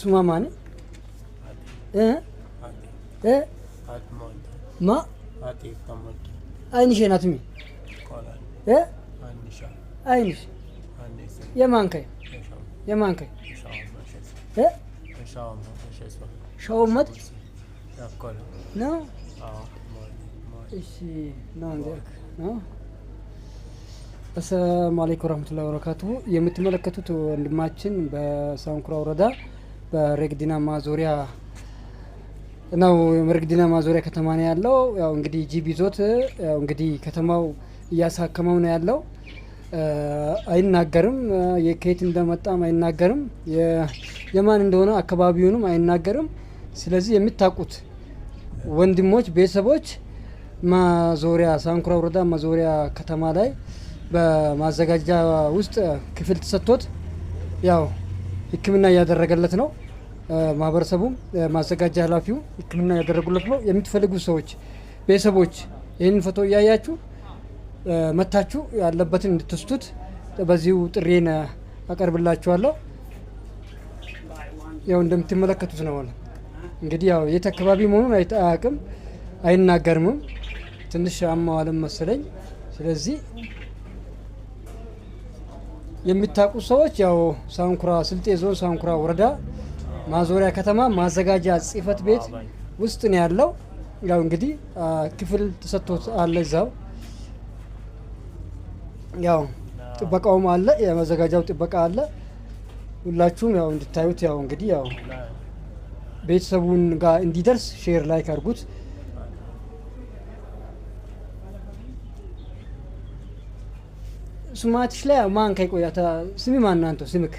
ሱማማን ማ አይንሽ ናትሚ አይንሽ የማንከይ የማንከይ ሻውመት ነው። እሺ ነው እንደክ ነው። አሰላሙ አለይኩም ወራህመቱላሂ ወበረካቱሁ። የምትመለከቱት ወንድማችን በሳንኩራ ወረዳ በረግዲናማ ዙሪያ ነው ረግዲና ማዞሪያ ከተማ ነው ያለው። ያው እንግዲህ ጅብ ይዞት ያው እንግዲህ ከተማው እያሳከመው ነው ያለው። አይናገርም፣ ከየት እንደመጣም አይናገርም፣ የማን እንደሆነ አካባቢውንም አይናገርም። ስለዚህ የምታውቁት ወንድሞች፣ ቤተሰቦች ማዞሪያ ሳንኩራ ወረዳ ማዞሪያ ከተማ ላይ በማዘጋጃ ውስጥ ክፍል ተሰጥቶት ያው ሕክምና እያደረገለት ነው። ማህበረሰቡ ማዘጋጃ ኃላፊው ሕክምና ያደረጉለት ነው። የምትፈልጉ ሰዎች ቤተሰቦች ይህንን ፎቶ እያያችሁ መታችሁ ያለበትን እንድትወስዱት በዚሁ ጥሬን አቀርብላችኋለሁ። ያው እንደምትመለከቱት ነው። እንግዲህ ያው የት አካባቢ መሆኑን አያውቅም፣ አይናገርምም። ትንሽ አማዋልም መሰለኝ። ስለዚህ የሚታቁ ሰዎች ያው ሳንኩራ ስልጤ ዞን ሳንኩራ ወረዳ ማዞሪያ ከተማ ማዘጋጃ ጽህፈት ቤት ውስጥ ነው ያለው። ያው እንግዲህ ክፍል ተሰጥቶት አለ እዛው ያው ጥበቃውም አለ፣ የመዘጋጃው ጥበቃ አለ። ሁላችሁም ያው እንድታዩት ያው እንግዲህ ያው ቤተሰቡን ጋር እንዲደርስ ሼር ላይክ አድርጉት። ስማትሽ ላይ ማን ከይቆያታ ስሚ ማን ናንተ ስምክ